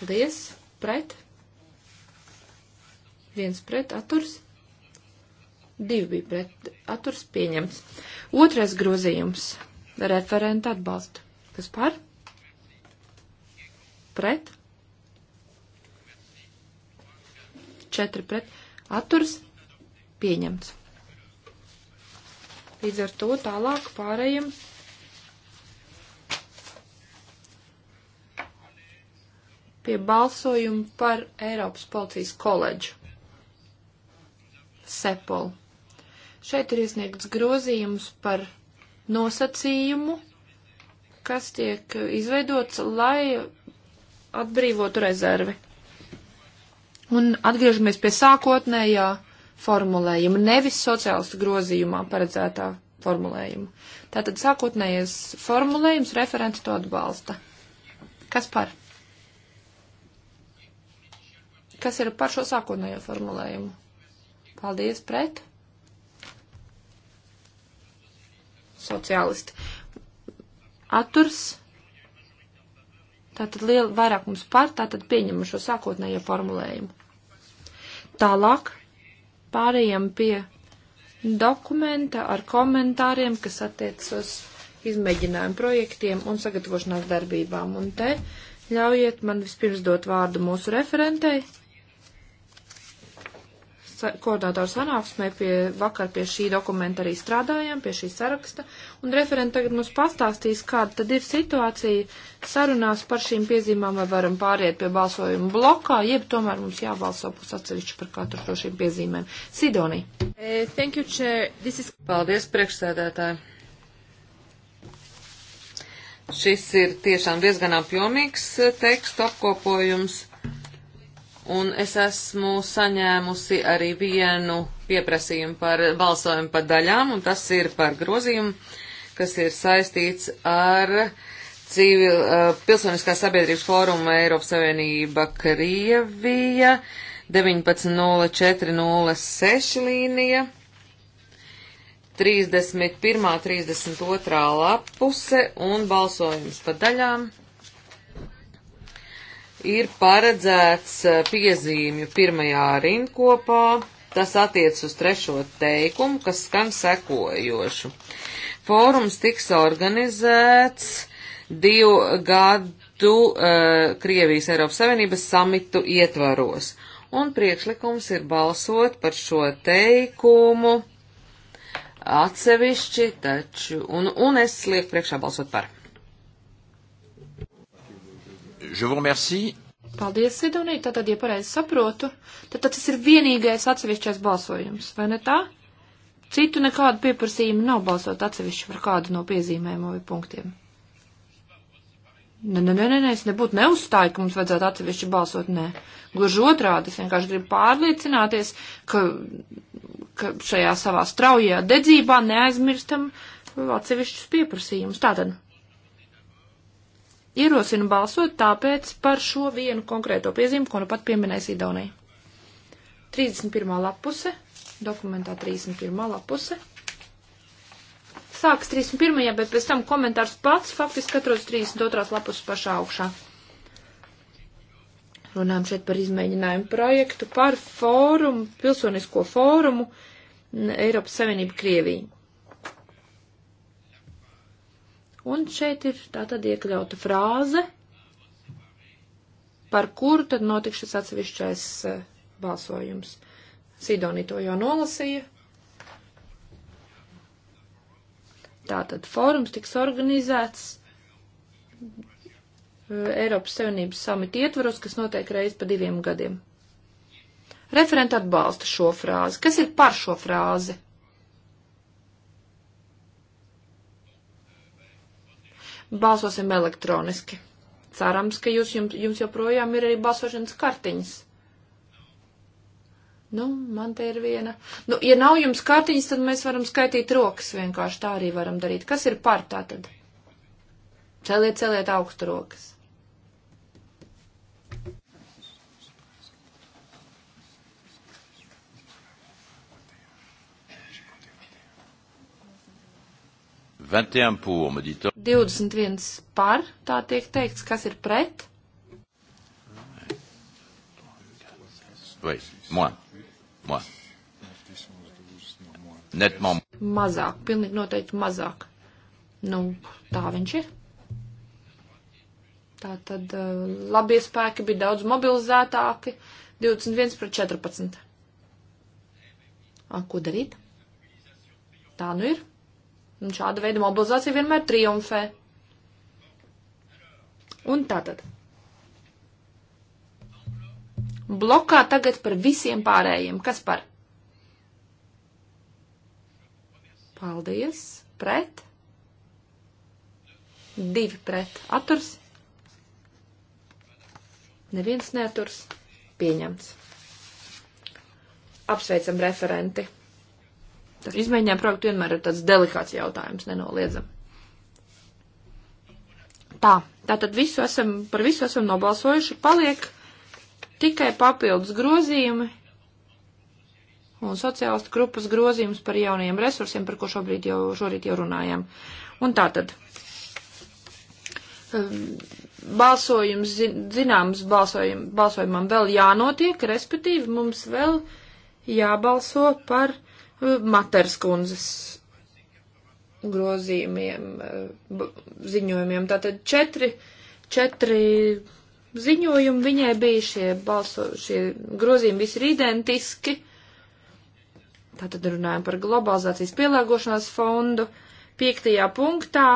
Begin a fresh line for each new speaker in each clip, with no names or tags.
Paldies. Pret. Viens pret atturs. Divi bija pret atturs pieņemts. Otrais grozījums. Referenta atbalstu. Kas par? Pret. Četri pret atturs pieņemts. Līdz ar to tālāk pārējiem pie balsojuma par Eiropas policijas koledžu. Sepol. Šeit ir iesniegts grozījums par nosacījumu, kas tiek izveidots, lai atbrīvotu rezervi. Un atgriežamies pie sākotnējā formulējuma, nevis sociālistu grozījumā paredzētā formulējuma. Tātad sākotnējais formulējums referents to atbalsta. Kas par? Kas ir par šo sākotnējo formulējumu? Paldies pret. Sociālisti. Atturs. Tātad liela vairākums par, tātad pieņemam šo sākotnējo formulējumu. Tālāk pārējām pie dokumenta ar komentāriem, kas attiecas uz izmēģinājumu projektiem un sagatavošanās darbībām. Un te ļaujiet man vispirms dot vārdu mūsu referentei koordinātoru sanāksmē pie, vakar pie šī dokumenta arī strādājām, pie šī saraksta, un referenta tagad mums pastāstīs, kāda tad ir situācija sarunās par šīm piezīmām, vai varam pāriet pie balsojuma blokā, jeb tomēr mums jābalso pus atsevišķi par katru no šīm piezīmēm.
Sidoni. Uh, eh, thank you, Chair. This is... Paldies, priekšsēdētāji. Šis ir tiešām diezgan apjomīgs eh, tekstu apkopojums un es esmu saņēmusi arī vienu pieprasījumu par balsojumu par daļām, un tas ir par grozījumu, kas ir saistīts ar civil, uh, pilsoniskā sabiedrības fóruma Eiropas Savienība Krievija 19.04.06 līnija. 31. 32. lapuse un balsojums pa daļām ir paredzēts eh, piezīmju pirmajā rindkopā. Tas attiec uz trešo teikumu, kas skan sekojošu. Fórums tiks organizēts divu gadu uh, Krievijas Eiropas Savienības samitu ietvaros. Un priekšlikums ir balsot par šo teikumu atsevišķi, taču, un, un es lieku priekšā balsot par. Je vous remercie.
Paldies, Sidonī. Tātad, ja pareizi saprotu, tad, tad tas ir vienīgais atsevišķais balsojums, vai ne tā? Citu nekādu pieprasījumu nav balsot atsevišķi par kādu no piezīmējumu vai punktiem. Nē, nē, nē, nē, es nebūtu neuzstāju, ka mums vajadzētu atsevišķi balsot, nē. Gluži otrādi, es vienkārši gribu pārliecināties, ka, ka šajā savā straujā dedzībā neaizmirstam atsevišķus pieprasījumus. Tātad. Ierosinu balsot tāpēc par šo vienu konkrēto piezīmu, ko nu pat pieminēs Idonai. 31. lapuse, dokumentā 31. lapuse. Sāks 31. bet pēc tam komentārs pats faktiski atrodas 32. lapuses pašā augšā. Runājam šeit par izmēģinājumu projektu, par fórumu, pilsonisko fórumu Eiropas Savienība Krievija. Un šeit ir tātad iekļauta frāze, par kuru tad notiks šis atsevišķais eh, balsojums. Sidonī to jau nolasīja. Tātad fórums tiks organizēts eh, Eiropas Savienības samita ietvaros, kas notiek reiz pa diviem gadiem. Referenta atbalsta šo frāzi. Kas ir par šo frāzi? Balsosim elektroniski. Cerams, ka jūs, jums, jums joprojām ir arī balsošanas kartiņas. Nu, man te ir viena. Nu, ja nav jums kartiņas, tad mēs varam skaitīt rokas. Vienkārši tā arī varam darīt. Kas ir par tā tad? Celiet, celiet augstu rokas. Vingt et un pour, me dit 21 par, tā tiek teikts, kas ir pret? Vai, moi, moi. Netmam. Mazāk, pilnīgi noteikti mazāk. Nu, tā viņš ir. Tā tad eh, labie spēki bija daudz mobilizētāki. 21 pret 14. A, ko darīt? Tā nu ir. Un šāda veida mobilizācija vienmēr triumfē. Un tātad. Blokā tagad par visiem pārējiem. Kas par? Paldies. Pret. Divi pret. Aturs. Neviens neturs. Pieņemts. Apsveicam referenti. Taču izmēģinājuma projekti vienmēr ir tāds delikāts jautājums, nenoliedzam. Tā, tātad visu esam, par visu esam nobalsojuši, paliek tikai papildus grozījumi un sociālistu grupas grozījums par jaunajiem resursiem, par ko šobrīd jau, šorīt jau runājām. Un tātad um, balsojums, zināms, balsojum, balsojumam vēl jānotiek, respektīvi mums vēl jābalso par Maters kundzes grozījumiem, ziņojumiem. Tātad četri, četri ziņojumi viņai bija šie balso, šie grozījumi visi ir identiski. Tātad runājam par globalizācijas pielāgošanās fondu. Piektajā punktā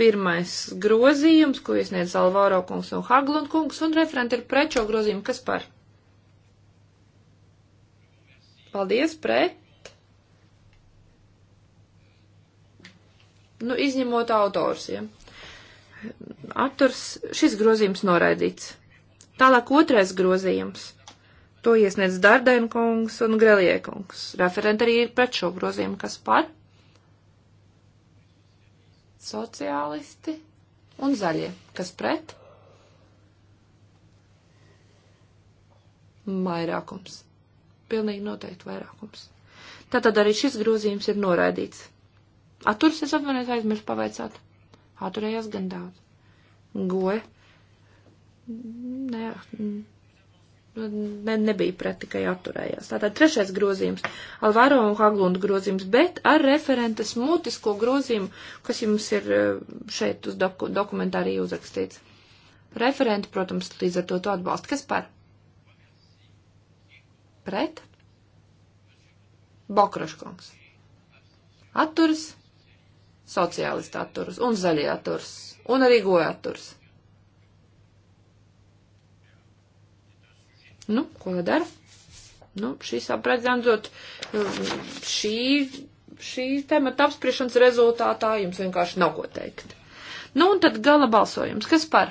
pirmais grozījums, ko iesniedz Alvaro kungs un Haglund kungs, un referenti ir prečo grozījumi, kas par Paldies pret. Nu, izņemot autors, ja. Atturs šis grozījums noraidīts. Tālāk otrais grozījums. To iesniedz Dardēna kungs un Grelie kungs. Referenti arī ir pret šo grozījumu, kas par sociālisti un zaļie. Kas pret? Vairākums pilnīgi noteikti vairākums. Tātad arī šis grozījums ir noraidīts. Atturs es atvainojos aizmirst pavaicāt. Atturējās gan daudz. Goe. Nē, ne, nebija pret, tikai atturējās. Tātad trešais grozījums. Alvaro un Haglundu grozījums, bet ar referentes mutisko grozījumu, kas jums ir eh, šeit uz doku, dokumentā arī uzrakstīts. Referenti, protams, līdz ar to to atbalsta. Kas par? Pret. Bokraškungs. Atturs. Sociālisti atturs. Un zaļie atturs. Un arī goja atturs. Nu, ko lai dara? Nu, šīs apredzendot, šī, šī temata apspriešanas rezultātā jums vienkārši nav ko teikt. Nu, un tad gala balsojums. Kas par?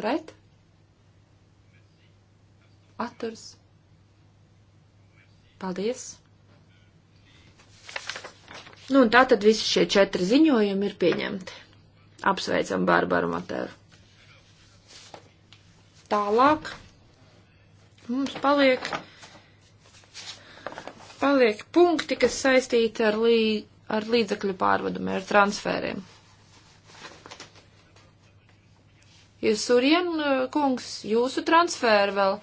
Pret? atturs. Paldies! Nu, un tā tad visi šie četri ziņojumi ir pieņemti. Apsveicam Bārbaru Materu. Tālāk mums paliek, paliek punkti, kas saistīti ar, lī, ar līdzekļu pārvadumiem, ar transfēriem. Ja Surien eh, kungs, jūsu transfēri vēl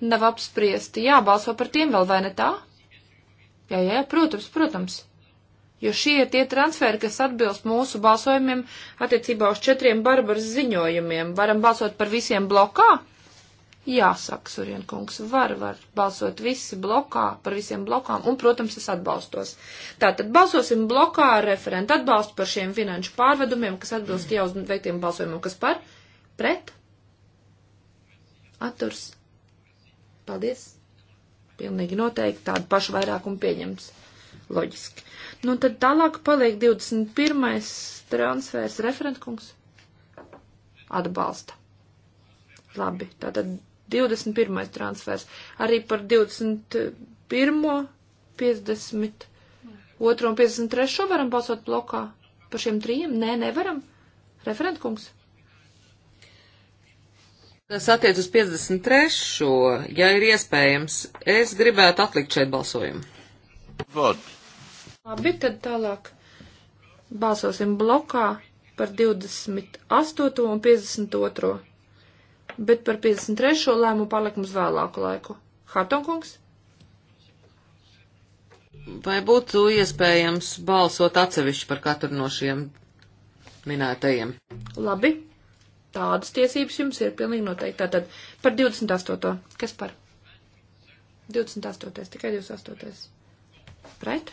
nav apspriesti. Jābalso par tiem vēl, vai ne tā? Jā, jā, protams, protams. Jo šie ir tie transferi, kas atbilst mūsu balsojumiem attiecībā uz četriem barbaras ziņojumiem. Varam balsot par visiem blokā? Jā, saka Surien kungs, var, var balsot visi blokā, par visiem blokām, un, protams, es atbalstos. Tātad balsosim blokā ar referentu atbalstu par šiem finanšu pārvedumiem, kas atbilst jau uz veiktiem balsojumiem, kas par, pret, atturs, Paldies! Pilnīgi noteikti tādu pašu vairākumu pieņems. Loģiski. Nu, tad tālāk paliek 21. transfers referentkungs. Atbalsta. Labi, tātad 21. transfers. Arī par 21., 50, 2 un 53 varam balsot blokā. Par šiem trījiem? Nē, nevaram. Referentkungs.
Kas attiec uz 53. ja ir iespējams, es gribētu atlikt šeit balsojumu. Vot.
Labi, tad tālāk balsosim blokā par 28. un 52. Bet par 53. lēmu paliekam uz vēlāku
laiku. Hartonkungs? Vai būtu iespējams balsot atsevišķi par katru no šiem minētajiem?
Labi, Tādas tiesības jums ir pilnīgi noteikti. Tātad par 28. Kas par? 28. Tikai 28. Pret?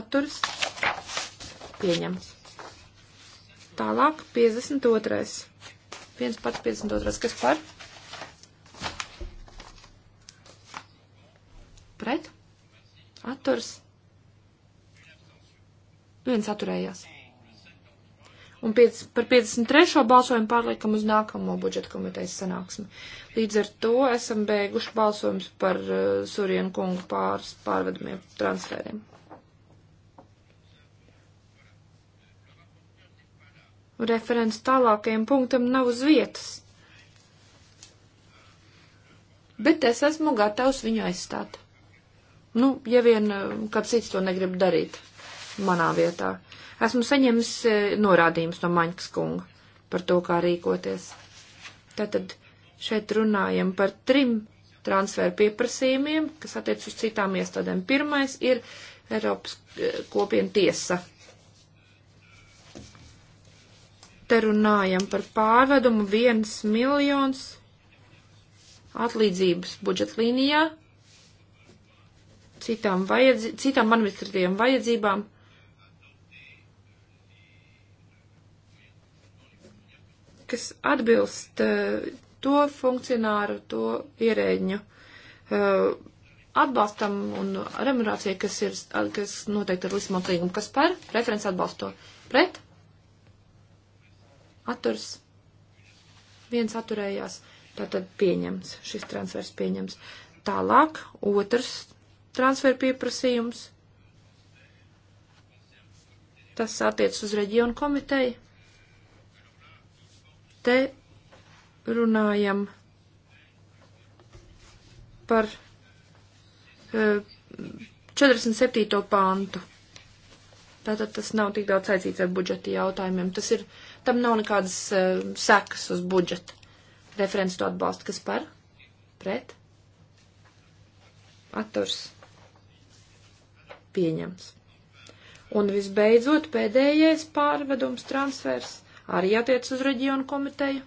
Atturs? Pieņemts. Tālāk 52. 1 pats 52. Kas par? Pret? Atturs? Viens atturējās un piec, par 53. balsojumu pārliekam uz nākamo budžeta komitejas sanāksmi. Līdz ar to esam beiguši balsojums par uh, Surienu kungu pāris pārvedumiem transferiem. Referents tālākajam punktam nav uz vietas, bet es esmu gatavs viņu aizstāt. Nu, ja vien uh, kāds cits to negrib darīt manā vietā. Esmu saņēmis e, norādījumus no Maņkas kunga par to, kā rīkoties. Tātad šeit runājam par trim transferu pieprasījumiem, kas attiec uz citām iestādēm. Pirmais ir Eiropas e, kopiena tiesa. Te runājam par pārvedumu 1 miljons atlīdzības budžetlīnijā citām, vajadzi, citām administratīvām vajadzībām kas atbilst eh, to funkcionāru, to ierēģiņu eh, atbalstam un remunerācijai, kas ir, kas noteikti ar Lismot līgumu, kas par referents atbalsto pret. Atturs. Viens atturējās. Tātad pieņems. Šis transfers pieņems. Tālāk otrs transfer pieprasījums. Tas attiec uz reģionu komiteju te runājam par 47. E, pāntu. Tātad tas nav tik daudz saistīts ar budžeta jautājumiem. Tas ir, tam nav nekādas uh, sekas uz budžeta. Referents to atbalsta, kas par? Pret? Atturs. Pieņems. Un visbeidzot, pēdējais pārvedums transfers arī attiec uz reģionu komiteju.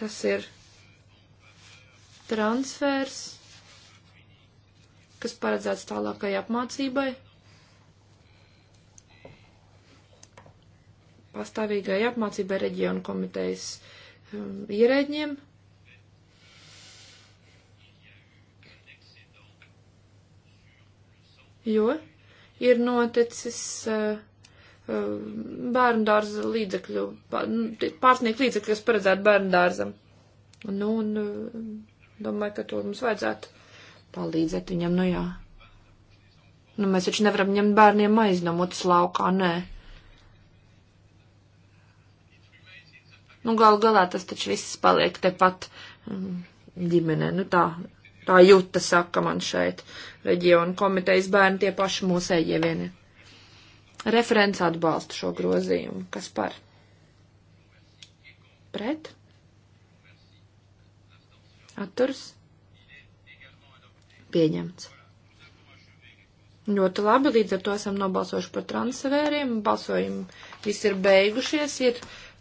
Tas ir transfers, kas paredzēts tālākai apmācībai, pastāvīgai apmācībai reģionu komitejas um, ierēģiem. jo ir noticis uh, bērnu dārza līdzekļu, nu, pārsniegt līdzekļu, kas paredzētu bērnu dārzam. Nu, un eh, domāju, ka to mums vajadzētu palīdzēt viņam, nu jā. Nu, mēs taču nevaram ņemt bērniem maizi no mutes laukā, nē. Nu, gal galā tas taču viss paliek tepat mm, ģimenē, nu tā, Tā jūta saka man šeit, reģionu komitejas bērni tie paši mūsu ejievieni. Referents atbalsta šo grozījumu. Kas par? Pret? Atturs? Pieņemts. Ļoti labi, līdz ar to esam nobalsojuši par transferiem, balsojumi viss ir beigušies, ir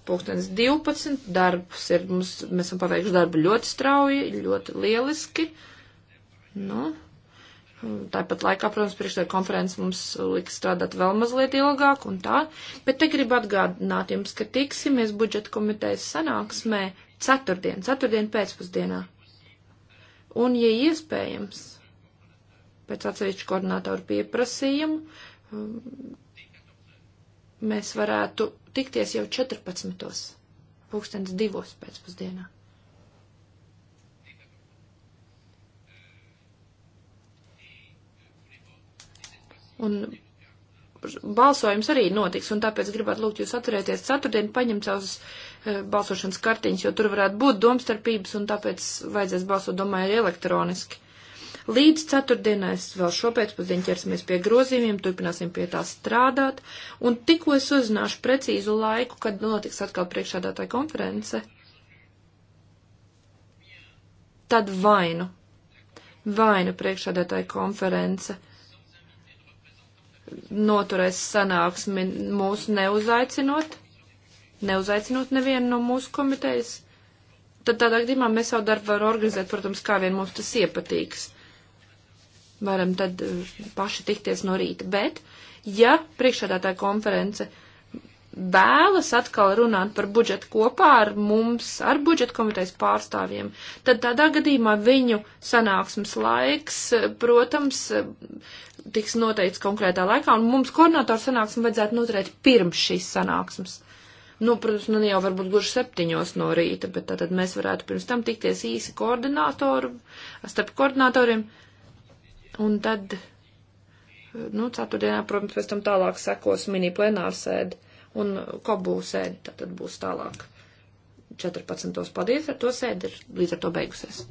Pūkstens 12. Darbs ir mums, mēs esam paveikuši darbu ļoti strauji, ļoti lieliski. Nu, Tāpat laikā, protams, priekšstāja konferences mums liks strādāt vēl mazliet ilgāk un tā, bet te gribu atgādināt jums, ka tiksimies budžeta komitejas sanāksmē ceturtdien, ceturtdien pēcpusdienā. Un, ja iespējams, pēc atsevišķu koordinātoru pieprasījumu, mēs varētu tikties jau 14. pūkstens divos pēcpusdienā. Un balsojums arī notiks, un tāpēc gribētu lūgt jūs atcerēties ceturtdien paņemt savus e, balsošanas kartiņus, jo tur varētu būt domstarpības, un tāpēc vajadzēs balsot, domāju, elektroniski. Līdz ceturtdienai vēl šopēcpusdien ķersimies pie grozījumiem, turpināsim pie tā strādāt, un tikko es uzzināšu precīzu laiku, kad notiks atkal priekšādātāja konference, tad vainu, vainu priekšādātāja konference noturēs sanāksmi mūs neuzaicinot, neuzaicinot nevienu no mūsu komitejas, tad tādā gadījumā mēs savu darbu varam organizēt, protams, kā vien mums tas iepatīks varam tad eh, paši tikties no rīta. Bet, ja priekšādātāja konference vēlas atkal runāt par budžetu kopā ar mums, ar budžeta komitejas pārstāvjiem, tad tādā gadījumā viņu sanāksmes laiks, eh, protams, eh, tiks noteikts konkrētā laikā, un mums koordinātoru sanāksmi vajadzētu noturēt pirms šīs sanāksmes. Nu, protams, nu jau varbūt gluži septiņos no rīta, bet tad mēs varētu pirms tam tikties īsi koordinātoru, starp koordinātoriem. Uh, Un tad, nu, ceturtdienā, protams, pēc tam tālāk sekos mini plenārsēde un kobu sēde, tad būs tālāk. 14. Paldies, ar to sēdi ir līdz ar to beigusies.